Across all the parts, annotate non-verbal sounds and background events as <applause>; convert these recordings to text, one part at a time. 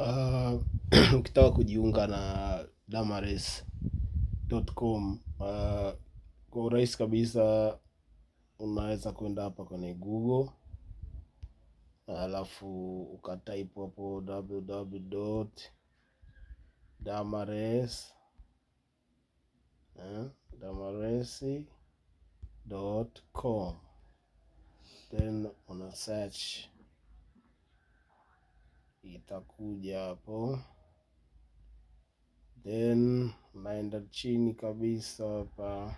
Uh, <clears throat> ukitaka kujiunga na damares.com uh, ah, kwa urahisi kabisa unaweza kwenda hapa kwenye Google alafu ukatip hapo www eh, com then una search itakuja hapo, then unaenda chini kabisa hapa,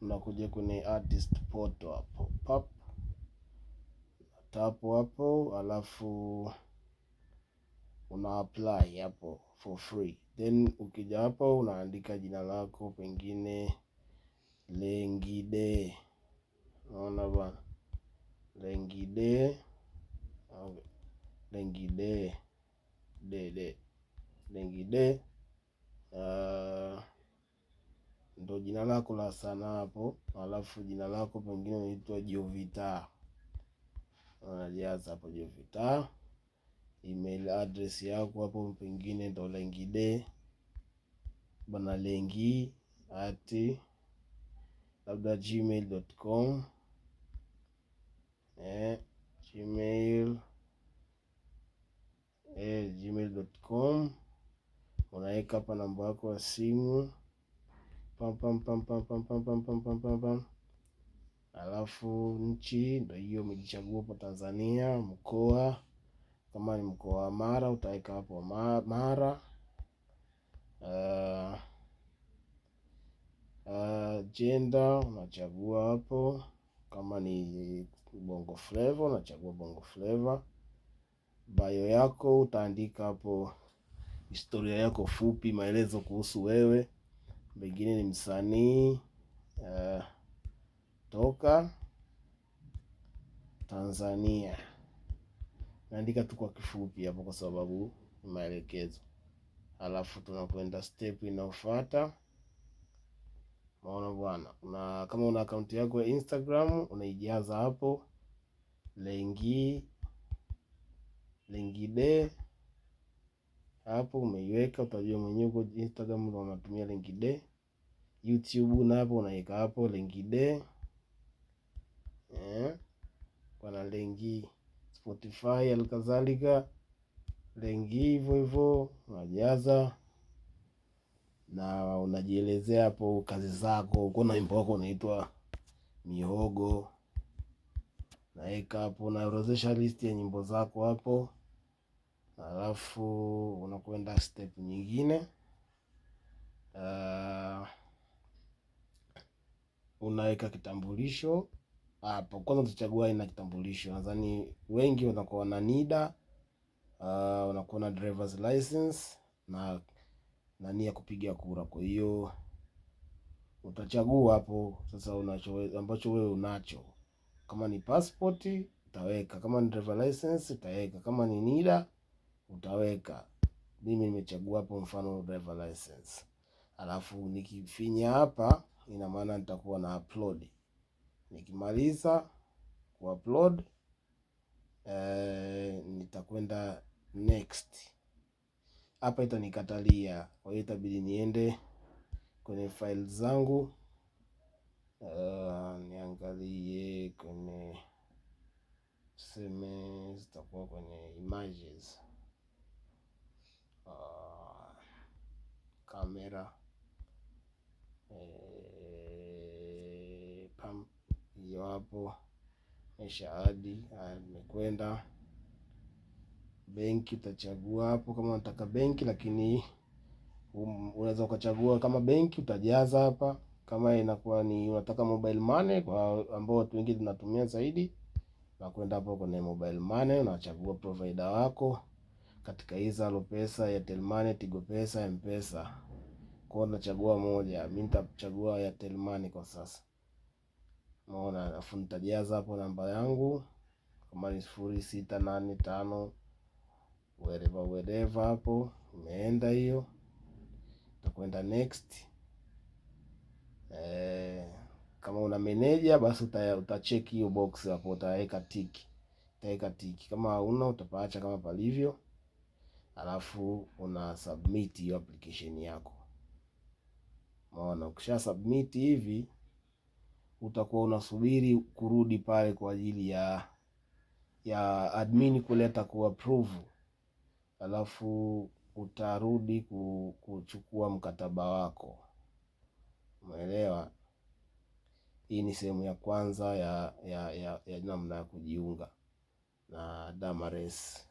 unakuja kwenye artist photo hapo, pap tapo hapo, alafu una apply hapo for free, then ukija hapo unaandika jina lako, pengine Lengide, unaona bwana Lengide okay lengile lele lengile, uh, ah, ndo jina lako la sanaa hapo, alafu jina lako pengine unaitwa Jovita, unajaza hapo Jovita, email address yako hapo pengine ndo de bana lengi at labda gmail.com eh, gmail eh, gmail.com. Unaweka hapa namba yako ya simu pam pam pam pam pam pam pam pam pam pam pam, alafu nchi ndio hiyo umejichagua hapo Tanzania, mkoa kama ni mkoa wa Mara utaweka hapo Mara. Uh, eh, uh, eh, jenda unachagua hapo, kama ni Bongo flavor unachagua Bongo flavor bio yako, utaandika hapo historia yako fupi, maelezo kuhusu wewe, mengine ni msanii uh, toka Tanzania. Naandika tu kwa kifupi hapo, kwa sababu ni maelekezo. alafu tunakwenda step inayofuata. Maona bwana, una kama una akaunti yako ya Instagram unaijaza hapo lengi lengide hapo umeiweka, utajua mwenyewe uko Instagram ndio unatumia lengide. YouTube hapo unaweka hapo lengide eh, kuna lengi Spotify alikadhalika lengi, hivyo hivyo unajaza na unajielezea hapo kazi zako. na wimbo wako unaitwa Mihogo, naweka hapo, unaorozesha listi ya nyimbo zako hapo. Alafu unakwenda step nyingine uh, ah, unaweka kitambulisho hapo. Kwanza utachagua aina kitambulisho, nadhani wengi wanakuwa na NIDA uh, ah, unakuwa na drivers license na nani ya kupiga kura. Kwa hiyo utachagua hapo sasa unacho ambacho wewe unacho. Kama ni passport utaweka, kama ni driver license utaweka, kama ni NIDA utaweka, mimi nimechagua hapo mfano driver license, alafu nikifinya hapa, ina maana nitakuwa na upload. Nikimaliza ku upload eh, nitakwenda next. Hapa itanikatalia, kwa hiyo itabidi niende kwenye file zangu uh, niangalie kwenye seme zitakuwa kwenye images kamera eh, iwapo meshahadi imekwenda benki utachagua hapo kama unataka benki, lakini um, unaweza ukachagua kama benki utajaza hapa, kama inakuwa ni unataka mobile money kwa ambao watu wengi tunatumia zaidi, nakwenda hapo kwenye mobile money, unachagua provider wako katika hizo pesa, Airtel Money, Tigo Pesa, M-Pesa kwao nachagua moja, mi nitachagua ya Telmani kwa sasa. Unaona, alafu nitajaza hapo namba yangu kama ni sifuri sita nane tano wereva wereva, hapo imeenda hiyo, utakwenda next. E, kama una meneja basi utacheki uta hiyo box hapo, utaweka tiki, utaweka tiki. Kama hauna utapaacha kama palivyo, alafu una submit hiyo application yako. Maona ukisha submit hivi utakuwa unasubiri kurudi pale kwa ajili ya ya admin kuleta approve, alafu utarudi kuchukua mkataba wako. Umeelewa? Hii ni sehemu ya kwanza ya ya ya, ya namna ya kujiunga na Damares